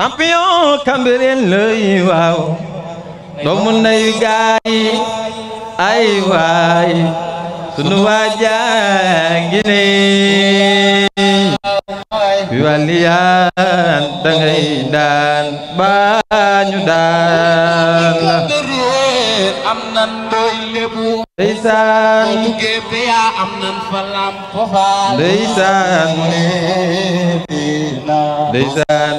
champion Cambérène lay waaw doomu ndeyu gaay ay waay sunu waajaa ngi ne waliyaan dangay daan baañu daan la am nan ndoy lebu ndeysaan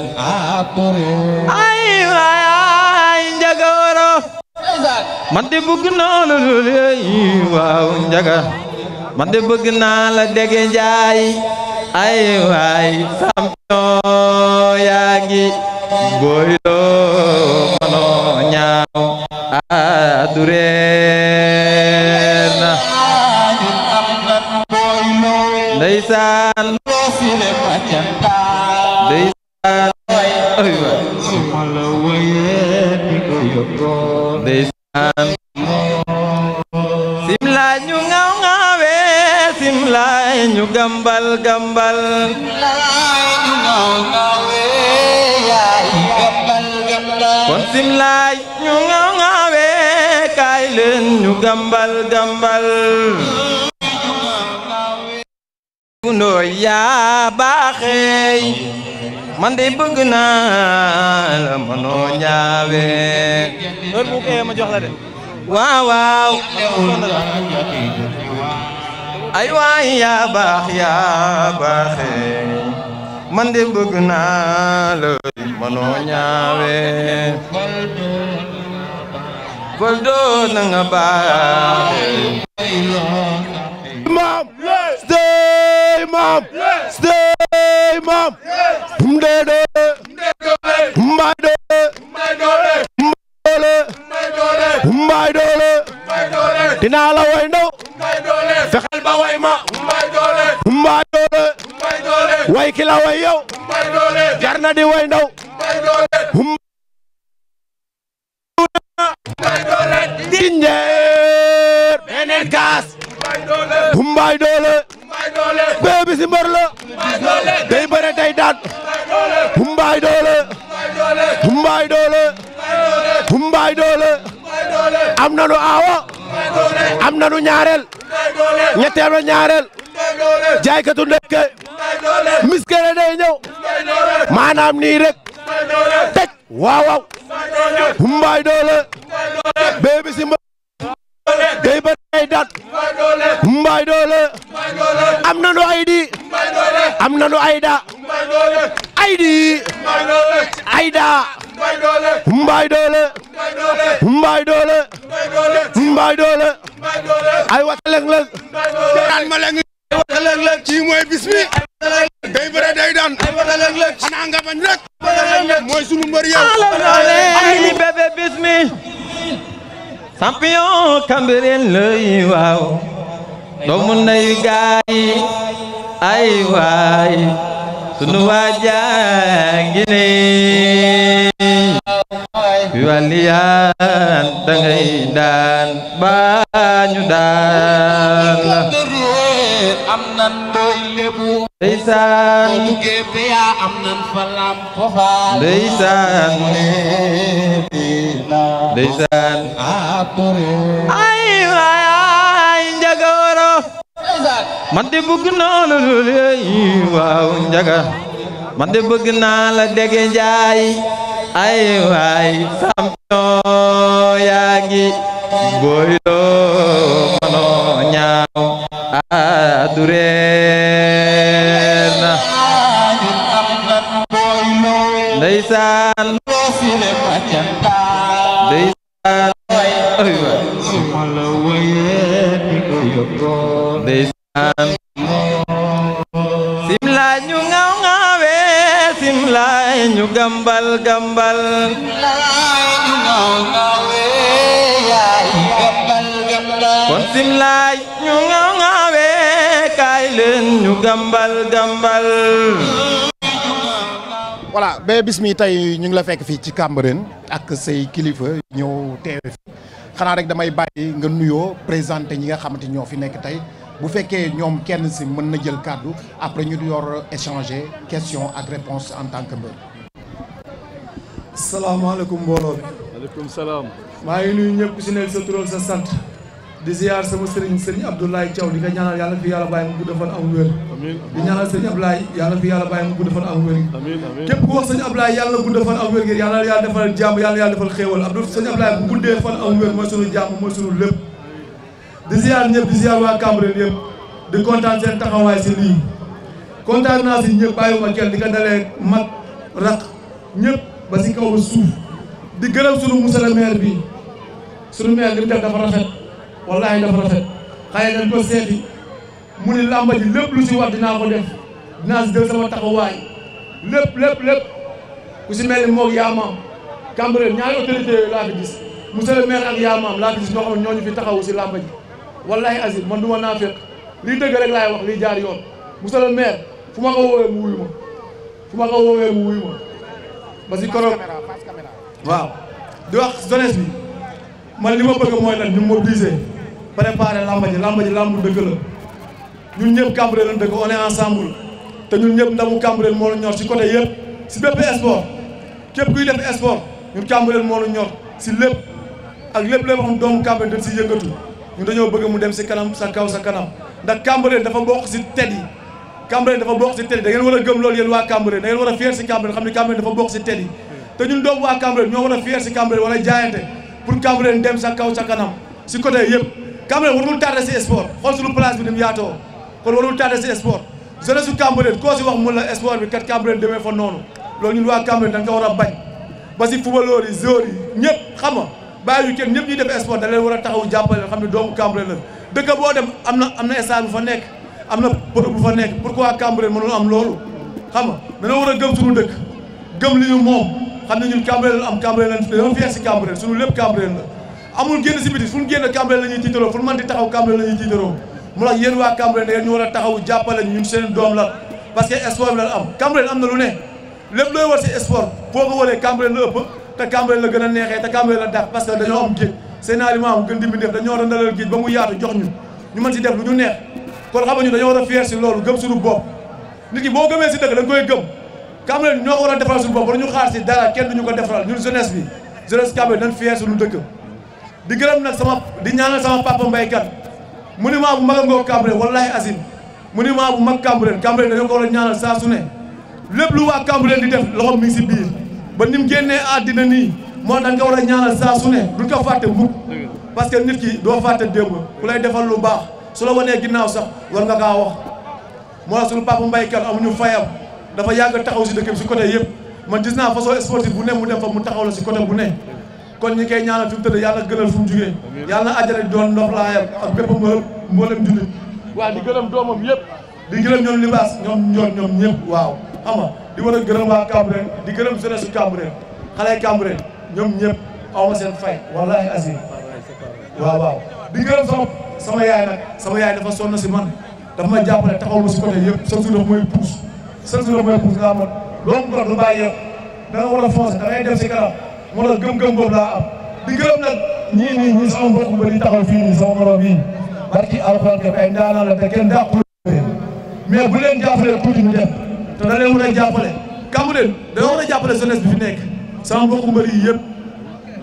ay waay njaga woro man de bëgg naa la lool waaw njaga man de bëgg naa la dege njaay ay waay champion yaa ngi boy Bismilaay ñu nga ngaawe kaay leen ñu gambal gambal gundooy yaa de bëgg naa la ma jox la de waaw ay waay yaa baax yaa baaxeey man de bëgg naa la manoo ñaawe goldo na nga baaxee maam stay maam stay maam mdeede mbaay doole mbaay doole mbaay doole dinaa la way way di way ndaw hum beneen kaas Mbaye Doole bee si mbër la bëre tey daan Mbaye Doole Doole Mbaye Doole am nanu aawo am nanu ñaareel ñetteel na ñaareel jaaykatu ndekke miskere day ñëw maanaam nii rek tej waaw waaw doole bee bi si mbaay day dat mbaay doole am na nu ay di am na nu doole mbaay doole mbaay doole ay wata leng leng daan ma leng wax ay waay sunu ngi ne waliyaan dangay daan baañu daan la am nan doy lebu ndeysaan am nan falam fofa ndeysaan ndeysaan ay waay njagoro man de bëgg naa njaga man de bëgg naa la dege njaay ay waay champion yaa ngi booy loo mënoo ñaaw adureer na ndeysaan ndeysaan ñu nga ngaawee leen ñu gàmbal gàmbal voilà ba bis mi tey ñu ngi la fekk fii ci Cambérène ak say kilifa ñëw teewe fi xanaa rek damay bàyyi nga nuyoo présenté ñi nga xamante ñoo fi nekk tey bu fekkee ñoom kenn si mën na jël kàddu après ñu yor échanger question ak réponse en tant que mbër. salaamaaleykum mbooloo bi. maaleykum salaam. maa si nekk sa tural sa sant. di ziar sama sëriñ sëriñ Abdoulaye Thiaw di nga ñaanal yàlla fi yàlla bàyyi mu gudd fan am wér di ñaanal sëriñ Abdoulaye yàlla fi yàlla bàyyi mu gudd fan am wér képp ku wax sëriñ yàlla gudd fan am wér yàlla defal jàmm yàlla yàlla defal xéewal Abdou sëriñ Abdoulaye bu sunu jàmm mooy sunu lépp di ziar ñëpp di ziar waa Cambérène yëpp di kontaan seen taxawaay si lii kontaan naa si ñëpp bàyyiwuma kenn di ko dalee mag raq ñëpp di gërëm sunu monsieur bi sunu maire li mu wallahi dafa rafet xëy seeti mu ni làmba ji lépp lu si war dinaa ko def dinaa si jël sama taxawaay lépp lépp lépp ku si mel ni moog yaamaam Cambérène ñaari autorité laa fi gis monsieur le ak yaamaam laa fi gis ñooñu fi taxawu si làmba ji wallahi azim man du ma naa fekk lii dëgg laay wax lii jaar yoon monsieur le maire fu ma ko woowee mu wuyu ma fu ma ko woowee mu wuyu ma ba waaw di wax jeunesse bi man li ma mooy lan ñu mobiliser préparé lamba ji lamba ji lambu dëgg la ñun ñëpp Cambérène lañ dëkk on est ensemble te ñun ñëpp ndamu Cambérène moo la ñor si côté yëpp si bépp sport képp kuy def sport ñun Cambérène moo la ñor si lépp ak lépp lépp xam doomu Cambérène dañ si yëngatu ñun dañoo bëgg mu dem si kanam sa kaw kanam ndax Cambérène dafa bokk si tet yi Cambérène dafa bokk si tet yi da ngeen war a gëm loolu yéen waa Cambérène da ngeen war a fier si Cambérène xam ne Cambérène dafa bokk si tet yi a fier si Cambérène wala jaayante pour Cambérène dem sa kaw sa kanam si côté yëpp Cambérène warul tardé si sport xool suñu place bi ni mu yaatoo kon warul tardé si sport jeunesse su Cambérène koo si wax mun la sport bi kat Cambérène demee fa noonu loolu ba ñëpp xam nga bàyyi yu da war a taxaw jàppale xam ne doomu Cambérène la dëkk boo dem am na am na stade bu fa nekk am na bërëb war a gëm suñu dëkk gëm li ñu moom xam ne ñun Cambérène la am Cambérène la dañoo fier si Cambérène suñu lépp Cambérène la amul génn si biti fu ñu génn Cambérène la ñuy jiitaroo fu ñu mën di taxaw Cambérène la ñuy mu la yéen waa Cambérène da ñu war a taxaw que sport bi la am si boo ko walee Cambérène la gën a neexee te Cambérène que dañoo am géej mu yaatu jox ñu ñu mën xam ñu dañoo war a fier si loolu gëm suñu bopp nit ki boo gëmee si dëkk da koy gëm Cambérène ñoo war a defaral suñu bopp war ñu xaar si dara kenn duñu ko defaral ñun jeunesse bi jeunesse Cambérène dañ fier suñu dëkk di gërëm nag sama di ñaanal sama papa mbaykat monument bu mag a ngoo Cambérène wallahi asim monument bu mag Cambérène Cambérène dañoo ko war a ñaanal saa su ne lépp lu waa Cambérène di def loxo mi ngi si biir ba ni mu génnee àddina nii moo dañ ko war a ñaanal saa su ne duñ ko fàtte mukk parce que nit ki doo fàtte démb ku lay defal lu baax su la wanee ginnaaw sax war nga kaa wax moo tax suñu papa mbaykat amuñu fayam dafa yàgg taxaw si dëkk bi si côté yëpp man gis naa façon sportive ne mu dem mu taxaw la si côté bu ne kon ñi koy ñaanal fi mu tëdd yàlla gënal fu mu jugee yàlla ajjana doon ndox laayam ak bépp mboolem mboolem jullit waaw di gërëm doomam yëpp di gërëm ñoom libaas ñoom ñoom ñoom waaw xam di war a gërëm waa Cambérène di gërëm jeunesse Cambérène xale Cambérène ñoom ñëpp aw ma seen fay wallahi azim waaw waaw di gërëm sama sama yaay nag sama yaay dafa sonn si man dafa ma jàppale taxaw ma si côté yëpp chaque jour mooy pousse chaque jour mooy pousse nga xam da nga a moo tax gëm-gëm boobu laa am di gërëm nag ñii nii ñii sama mbokk ba di taxaw fii nii sama morom yii barki alxuraan def ay ndaanaan la te kenn dàqul mais bu leen jàppalee tuuti ñu te da leen a jàppale kàmbu leen da war a jàppale jeunesse bi fi nekk sama mbokk mbër yi yëpp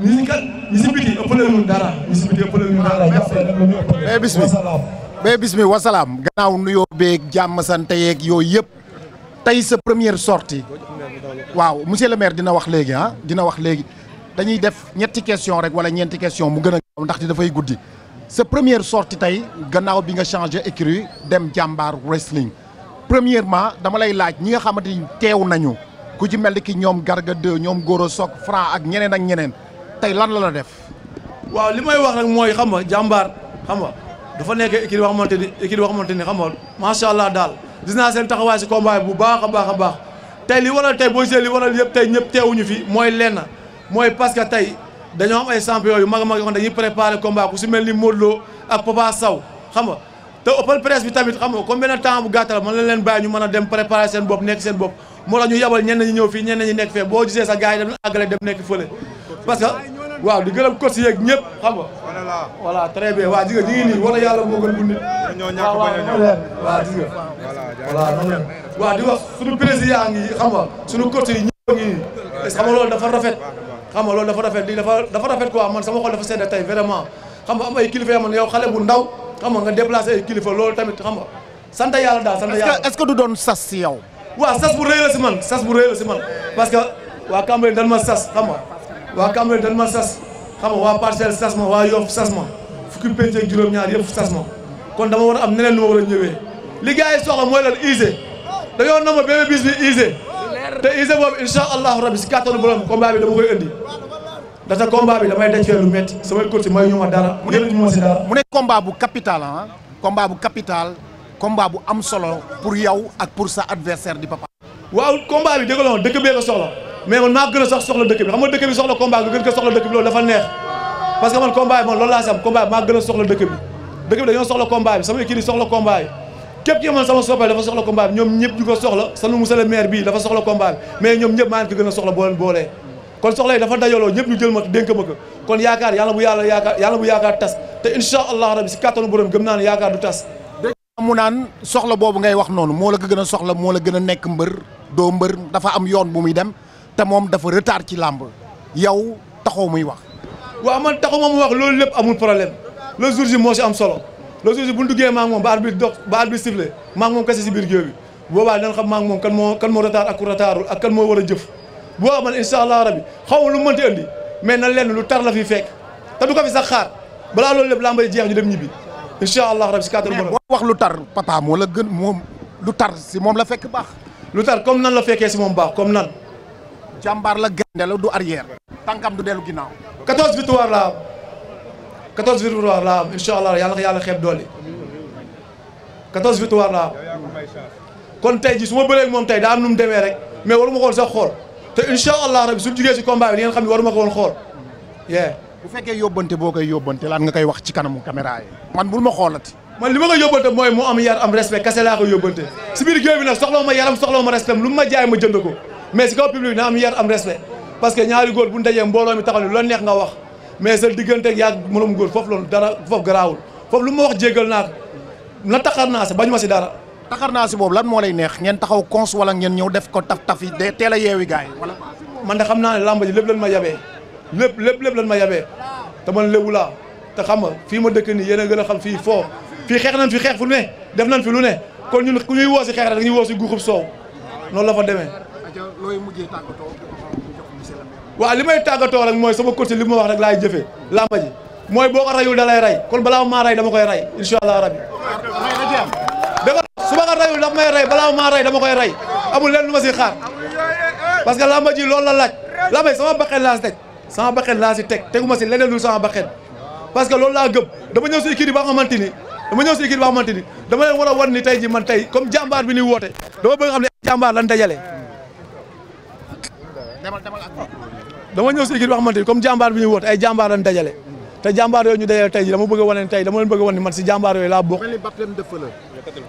ñi kat ñi si biti ëppale ñu dara ñi si biti ëppale ñu dara jàppale nag ñu ëppale bis mi mais bis mi wasalaam gannaaw nuyoo beeg jàmm sante yeeg yooyu yëpp tey sa première sortie waaw monsieur le maire dina wax léegi ah dina wax léegi dañuy def ñetti question rek wala ñeenti question mu gën ndax ndaxte dafay guddi sa première sortie tey gannaaw bi nga changé écrit dem jàmbaar wrestling premièrement dama lay laaj ñi nga xamante ni teew nañu ku ci mel ni ki ñoom Garga 2 ñoom Goro sook Fra ak ñeneen ak ñeneen tey lan la la def. waaw li may wax rek mooy xam nga jàmbaar xam nga dafa nekk écrit wax xamante ni écrit boo xamante ni xam nga macha allah daal gis seen taxawaay si combat bu baax a baax a baax tey li waral tey boo gisee waral yëpp tey ñëpp teewuñu fi mooy lenn. mooy parce que tey dañoo am ay champion yu mag a mag yoo xam dañuy préparé combat ku si mel ni Modou Lo ak Papa Sow te open presse bi tamit xam nga benn temps bu gàttal mën na leen bàyyi ñu mën a dem préparé seen bopp nekk seen bopp moo tax ñu yabal ñenn ñi ñëw fii ñenn ñi nekk fee boo gisee sa gars yi dem nekk fële parce waaw di gërëm coach yeeg ñëpp xam nga voilà très bien waa gis ñu ngi loolu dafa rafet xam nga loolu dafa rafet di dafa dafa rafet quoi man sama xol dafa sedd tey vraiment xam nga am ay kilifa yoo xam ne yow xale bu ndaw xam nga nga ay kilifa loolu tamit xam nga sant yàlla daal sant yàlla est-ce que du doon sas si yow waaw sas bu rëy la si man sas bu rëy si man parce que waa Cambérène dañ ma sas xam nga waa Cambérène dañ ma sas xam nga waa Parcelles sas ma waa Yoff sas ma fukki pénc ak juróom-ñaar yëpp sas ma kon dama war a am neneen nu ma war a ñëwee li soxla mooy te ise boobu insha allahu rabbi si kàttanu borom combat bi dama koy indi ndaxte combat bi damay daj lu métti samay course may ñu dara mu ne ma bu capital ah combat bu capital combat bu am solo pour yow ak pour sa adversaire di Papa waaw combat bi dëgg la woon dëkk bee ko soxla mais man maa a sax soxla dëkk bi xam nga soxla combat bi dafa neex parce que man combat bi man loolu laa sam combat bi maa gën a soxla dëkk bi dëkk bi dañoo soxla combat bi sama équipe yi soxla combat képp ci amoon sama soppal dafa soxla combat bi ñoom ñëpp ñu ko soxla sanu monsieur le maire bii dafa soxla combat bi mais ñoom ñëpp maa ngi ko gën a soxla boo boolee kon soxla yi dafa dajaloo ñëpp ñu jël ma dénk ma ko kon yaakaar yàlla bu yàlla yaakaar yàlla bu yaakaar tas te incha allah rabi si kattanu borom gëm naa ne yaakaar du tas mu naan soxla boobu ngay wax noonu moo la ko gën a soxla moo la gën a nekk mbër doo mbër dafa am yoon bu muy dem te moom dafa retard ci làmb yow taxaw muy wax waaw man taxaw ma mu wax loolu lépp amul problème le jour moo si am solo le jour bu ñu duggee maa moom ba arbitre dox ba arbitre sifflé maa ngi moom kese si biir bi boobaa dinañ xam maa moom kan moo kan moo retard ak ku retardul ak kan moo war a jëf boo man incha allah rabi xaw ma lu mënti andi mais na lenn lu tar la fi fekk ta du ko fi sax xaar balaa loolu lépp laa ji jeex ñu dem ñibbi incha allah rabi si kàttan boo wax lu tar papa moo la gën moom lu tar si moom la fekk baax lu tar comme nan la fekkee si moom baax comme nan jàmbaar la gaynde la du arrière tànkam du dellu ginnaaw 14 victoire 14 victoire laa am incha allah yàlla doole 14 victoire laa am kon tey ji su ma bëree ak moom tey daa am demee rek mais waru ma ko sax xool te incha allah rabi suñu jugee si combat bi di ngeen xam ne waru ma ko xool yee. bu fekkee yóbbante boo koy yóbbante laa nga koy wax ci kanamu caméra yi. man bul ma xoolati. man li ma koy yóbbante mooy mu am yar am respect kese laa koy yóbbante si biir géew bi nag soxla ma yaram soxla ma respect lu ma jaay ma jënd ko mais si kaw public na am yar am respect parce que ñaari mi taxaw ni lu neex nga mais sa digganteeg yaa moroom góor foofu loolu dara foofu garaawul foofu lu ma wax jéggal naa na taxar naa si bañ ma si dara. taxar naa si boobu lan moo lay neex ngeen taxaw cons wala ngeen ñëw def ko taf taf yi de teel a yeewi gars yi wala. man de xam naa ne làmb ji lépp lan ma yabee lép lépp lépp lan ma yabee te man léwu laa te xam nga fii ma dëkk nii yéen gën a xam fii foo fii xeex nañ fi xeex fu ne def nañ fi lu ne kon ñun ku ñuy woo si xeex rek dañuy woo si guuxub soow noonu la fa demee. looy mujjee tàggatoo waaw li may tàggatoo rek mooy sama côté li ma wax rek laay jëfee làmba ji mooy boo ko rayul da lay kon balaa maa dama koy ray incha allah rabbi dama su ma ko rayul daf may balaa maa ray dama koy ray amul lenn lu ma si xaar parce que làmba ji loolu la laaj làmba ji sama baqen laa si teg sama baqen laa si si leneen lu sama baqen parce que loolu laa gëm dama ñëw si kii bi ba xamante ni dama ñëw si kii bi xamante ni dama leen war a wan ni tey ji man tey comme jàmbaar bi ni woote dama bëgg xam ne jàmbaar lan dajale dama ñëw si équipe bi xamante ni comme jàmbaar bi ñuy woote ay jàmbaar lañ dajale te jàmbaar yooyu ñu dajale tey ji dama bëgg a wane tey dama leen bëgg a wane man si jàmbaar yooyu laa bokk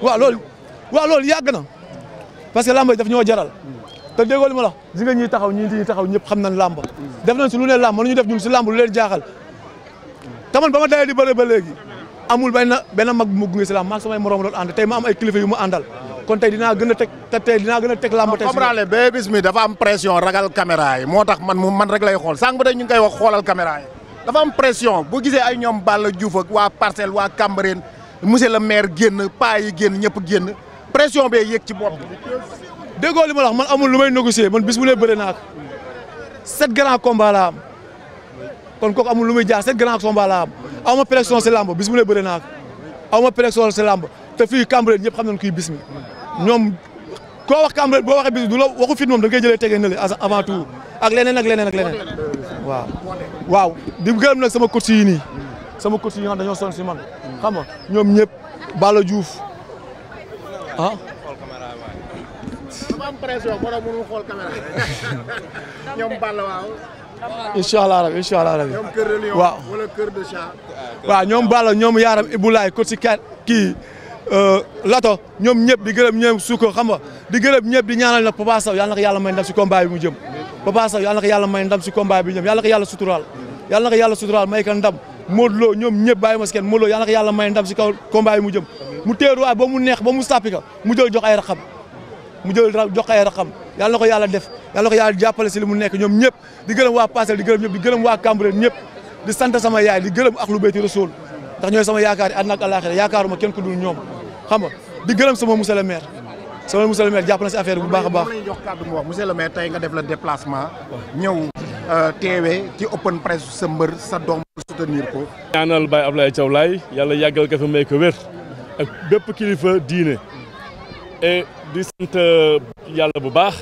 waaw loolu waaw loolu yàgg na parce que làmb daf ñoo jaral te déggoo li ma la ji nga ñuy taxaw ñi ñuy taxaw ñëpp xam nañ làmb def nañ si lu ne làmb mënuñu def ñun si làmb lu leen jaaxal taman ba ma dajee di bëre ba léegi amul benn benn mag bu ma gunge si làmb maag samay morom doon ànd tey ma am ay kilifa yu ma àndal kon tey dinaa gën a teg te tey dinaa gën a teg làmb tey comprendre ba bis mi dafa am pression ragal caméra yi moo tax man mu man rek lay xool sànq ba tey ñu ngi koy wax xoolal caméra yi dafa am pression bu gisee ay ñoom Balla Diouf ak waa Parcelles waa Cambérène monsieur le maire génn paa yi génn ñëpp génn pression bee yëg ci bopp déggoo li ma la man amul lu may négocier man bis bu ne bëre naa ko sept grands combats am kon kooku amul lu muy jaar sept grands combats laa am ma pression si làmb bis bu ne naa ko ma pression si làmb te fii Cambérène ñëpp xam nañ kuy bis ñoom ko wax Cambérène boo wax bu du la fit moom da nga koy jëlee tege na le avant tout ak leneen ak leneen ak leneen waaw. waaw di gërëm nag sama coach yi sama coach yi nga xam dañoo sonn si ñoom ñëpp Bala Diouf ah. incha allah rabi incha waaw ñoom Bala ñoom Yaram Ibulaay coach si kii. Euh, Lato ñoom ñëpp di gërëm ñoom suuko xam nga di gërëm ñëpp di ñaanal nag Papa Sow yàlla na ko yàlla may ndam si combat bi mu jëm Papa Sow yàlla yàlla may ndam si combat bi mu yàlla na ko yàlla suturaal yàlla na ko yàlla suturaal may ko ndam Modou Lo ñoom ñëpp bàyyi ma si kenn Modou Lo yàlla na ko yàlla may ndam si kaw combat bi mu jëm mu ba mu neex ba mu sàppi ka mu jël jox ay raxam mu jël jox ay raxam yàlla na ko yàlla def yàlla na ko yàlla jàppale si li mu nekk ñoom ñëpp di gërëm waa Parcelles di gërëm ñëpp di gërëm waa Cambérène ñëpp di sant sama yaay di gërëm a lu béyti rasul ndax ñooy sama yaakaar yi àddina ak àllaaxira yaakaaruma kenn ku xam nga di gërëm sama monsieur le maire sama monsieur le maire jàpp na si affaire bu baax a baax. moom jox kàddu mu wax monsieur le maire tey nga def la déplacement. ñëw euh, teewee ci open press sa mbër sa doom soutenir ko. ñaanal Baye Ablaye Thiaw Laye yàlla yàggal ko fa may ko wér ak bépp kilifa diine et di sant euh, yàlla bu baax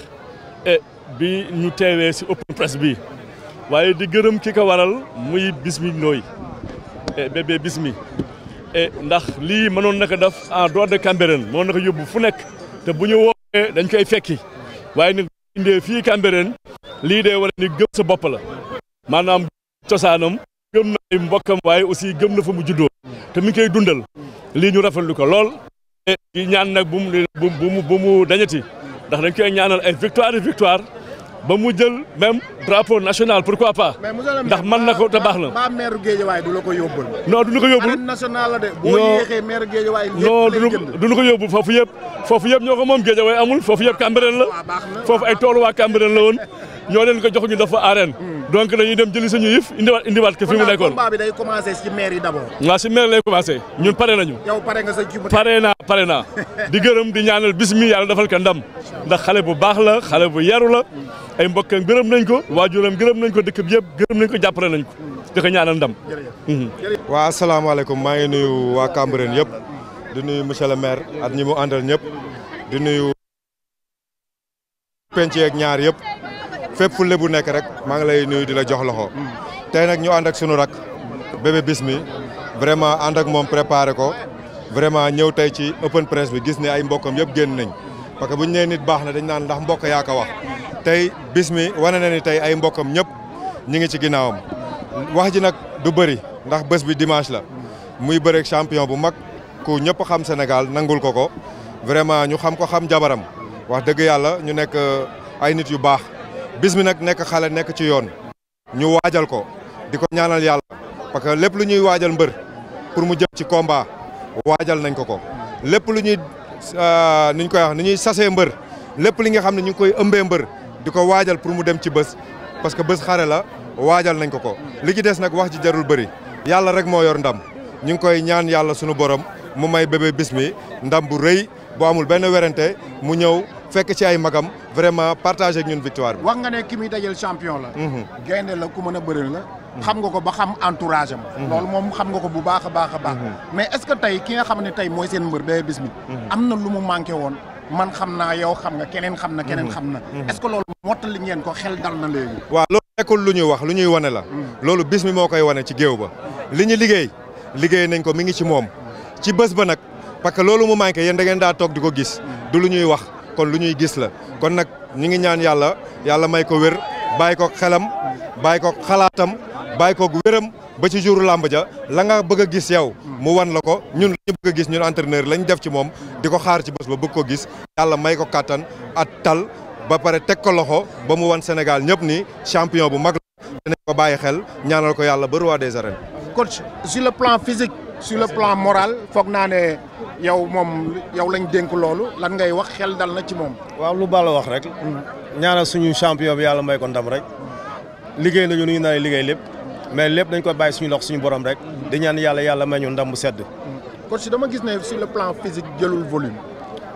bi ñu teewee si open press bi waaye di gërëm ki ko waral muy Bismi Ndoye bébé Bismi. et eh, ndax lii manoon na ko def en dehors de Cambérène moo na yóbbu fu nekk te bu ñu woowee dañ koy fekki waaye nag indee fii Cambérène lii de war ni gëm sa bopp la maanaam cosaanam gëm na ay mbokkam waaye aussi gëm na fa mu juddoo te mi koy dundal lii ñu rafetlu ko lool eh, ñaan nag bu mu bu mu dañati ndax dañ koy ñaanal ay victoire victoire ba mu jël même drapeau national pourquoi pas. ndax mën na ko te baax na. ba maire Guédiawaye du la ko yóbbul. non du ñu ko yóbbul arène nationale la de. boo yéexee maire Guédiawaye. non du ñu ko foofu yëpp. foofu yëpp ñoo ko moom Guédiawaye amul foofu yëpp Cambérène la. foofu ay toolu waa Cambérène la woon. ñoo leen ko joxuñu dafa arène mm. donc dañuy dem jëli suñu yëf indiwaat indiwaat ko fi mu nekkoon combat bi day commencé ci maire yi d'abord waaw ci maire lay commencé ñun pare nañu yow pare na sa ci pare pare naa di gërëm di ñaanal bis mi yàlla defal ko ndam ndax xale bu baax la xale bu yaru la mm. ay mbokkam gërëm nañ ko waajuram gërëm nañ ko dëkk bi yëpp gërëm nañ ko jàppale nañ ko mm. di ko ñaanal ndam mm-hmm. waa asalaamaaleykum maa ngi nuyu waa Cambérène yëpp di nuyu monsieur le maire ak ñi mu àndal ñëpp di nuyu penc ñaar yëpp fépp fu bu nekk rek maa ngi lay nuyu di la jox loxo. tey nag ñu ànd ak sunu rak bébé Bismi vraiment ànd ak moom préparé ko vraiment ñëw tey ci open presse bi gis ni ay mbokkam yëpp génn nañ parce que bu ñu nee nit baax na dañ naan ndax mbokk yaa ko wax tey Bismi wane na ni tey ay mbokkam ñëpp ñi ngi ci ginnaawam wax ji nag du bëri ndax bés bi dimanche la muy bëreeg champion bu mag ku ñëpp xam Sénégal nangul ko ko vraiment ñu xam ko xam jabaram wax dëgg yàlla ñu nekk euh, ay nit yu baax bis nag nekk xale nekk ci yoon ñu waajal ko di ko ñaanal yàlla parce que lépp lu ñuy waajal mbër pour mu jëm ci combat waajal nañ ko ko lépp lu ñuy euh, ni ñu koy wax ni ñuy sasee mbër lépp li nga xam ne ñu ngi koy ëmbee mbër di ko waajal pour mu dem ci bës parce que bés xare la waajal nañ ko ko li ci des nag wax ji jarul bëri yàlla rek moo yor ndam ñu ngi koy ñaan yàlla sunu borom mu may bébé bis ndam bu rëy bu amul benn werante mu ñëw fekk ci ay magam vraiment partagé ak ñun victoire bi. wax nga ne ki muy dajal champion la. Mhm. gaynde la ku mën a bëri la. xam nga ko ba xam entourage am. Mhm. loolu moom xam nga ko bu baax a baax a baax. Mhm. mais est ce que tey ki nga xam ne tey mooy seen mbër bee bis am na lu mu manqué woon man xam naa yow xam nga keneen xam na keneen xam na. est ce que loolu mottali ngeen ko xel dal na léegi. waaw loolu nekkul lu ñuy wax lu ñuy wane la. loolu bis mi moo koy wane ci géew ba. li ñu liggéey liggéey nañ ko mi ngi ci moom. ci bés ba nag parce que loolu mu manqué yéen da ngeen daa toog di ko gis. du lu ñuy kon lu ñuy gis la kon nag ñi ngi ñaan yàlla yàlla may ko wér bàyyi ko xelam bàyyi ko xalaatam bàyyi ko wéram ba ci jour làmb ja la nga bëgg gis yow mu wan la ko ñun la ñu bëgg gis ñun entraîneur lañ def ci moom di ko xaar ci bés ba bëgg ko gis yàlla may ko kattan at tal ba pare teg ko loxo ba mu wan Sénégal ñëpp ni champion bu mag la bàyyi xel ñaanal ko yàlla ba roi des arènes. yow moom yow lañ dénk loolu lan ngay wax xel dal na ci moom. waaw lu Balla wax rek. ñaanal suñu champion bi yàlla may ko rek. liggéey nañu nu ñu naan liggéey lépp. mais lépp dañ ko bàyyi suñu loxo suñu borom rek. di ñaan yàlla yàlla may ñu ndam bu sedd. coach si dama gis ne sur le plan physique jëlul volume.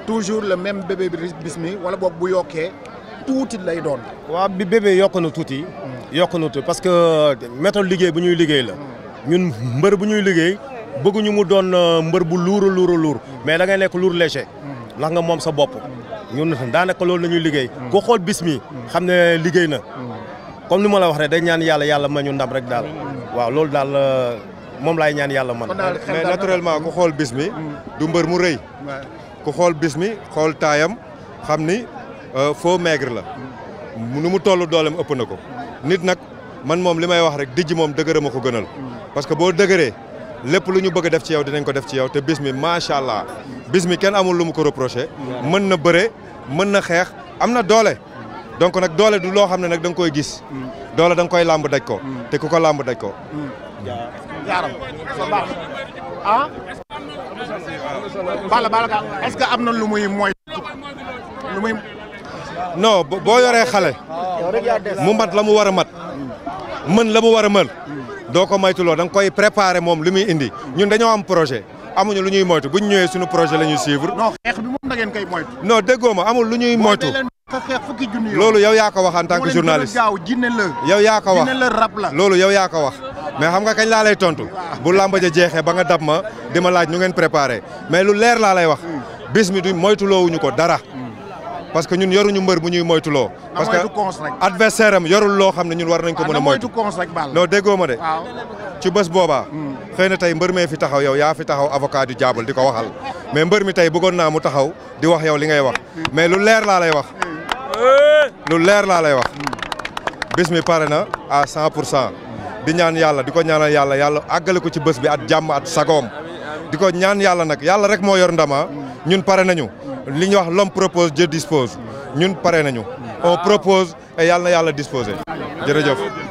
toujours le même bébé Bismi wala boog bu yokkee tuuti lay doon. waaw bi bébé yokk na tuuti. Mm. yokk na tuuti parce que méthode liggéey bu ñuy liggéey la. Mm. ñun mbër bu ñuy liggéey. bëgguñu mu doon euh, mbër bu luur luur luur mais da ngay nekk luur léger ndax nga moom sa bopp ñun daanaka loolu la ñuy liggéey ku xool bis xam ne liggéey na comme nu ma la wax rek day ñaan yàlla yàlla ma ñu ndam rek daal waaw loolu daal euh, moom laay ñaan yàlla man mais naturellement ku xool bis hmm. du mbër mu rëy ku xool bis mi xool taayam xam ni euh, faux maigre la hmm. nu mu toll doolem ëpp na ko hmm. nit nag man moom li may wax rek dijj moom dëgërë ma ko gënal parce que boo dëgëree lépp lu ñu bëgg def ci yow dinañ ko def ci yow te bis mi macha allah bis mi kenn amul lu mu ko reproché. mën na bëre mën na xeex am na doole. donc nag doole du loo xam ne nag danga koy gis. doole danga koy làmb daj ko. te ku ko làmb daj ko. jaaram sa baax ah. am na lu muy mooy. no boo yoree xale. mu mat la mu war a mat. mën la mu war a mën. doo ko moytuloo da nga koy préparer moom li muy indi ñun dañoo am projet amuñu lu ñuy moytu bu ñu ñëwee suñu projet la ñuy suivre. non xeex bi moom koy moytu. non déggoo ma amul lu ñuy moytu. loolu yow yaa ko wax en tant que journaliste yow yaa ko wax loolu yow yaa ko wax mais xam nga kañ laa lay tontu bu làmba ja jeexee ba nga dab ma di ma laaj ñu ngeen préparé mais lu leer laa lay wax bis mi du moytuloowuñu ko dara parce que ñun yoruñu mbër mu ñuy moytuloo. parce que adversaire am yorul loo xam ne ñun war nañ ko ah, mën a moytu. non déggoo ma de. ci bés boobaa. Hmm. xëy na tey mbër mee fi taxaw yow yaa fi taxaw avocat du diable di ko waxal mais mbër mi tey bëggoon naa mu taxaw di wax yaw li ngay wax mais lu leer laa lay wax. lu leer laa lay wax. bis mi pare na à 100 pour cent di ñaan yàlla di ko ñaanal yàlla yàlla àggale ko ci bës bi at jàmm at sagoom di ko ñaan yàlla nag yàlla rek moo yor ndama ah. hmm. ñun pare nañu. li ñu wax l'homme propose Dieu dispose ñun pare nañu on propose et yàlla na yàlla disposer jërëjëf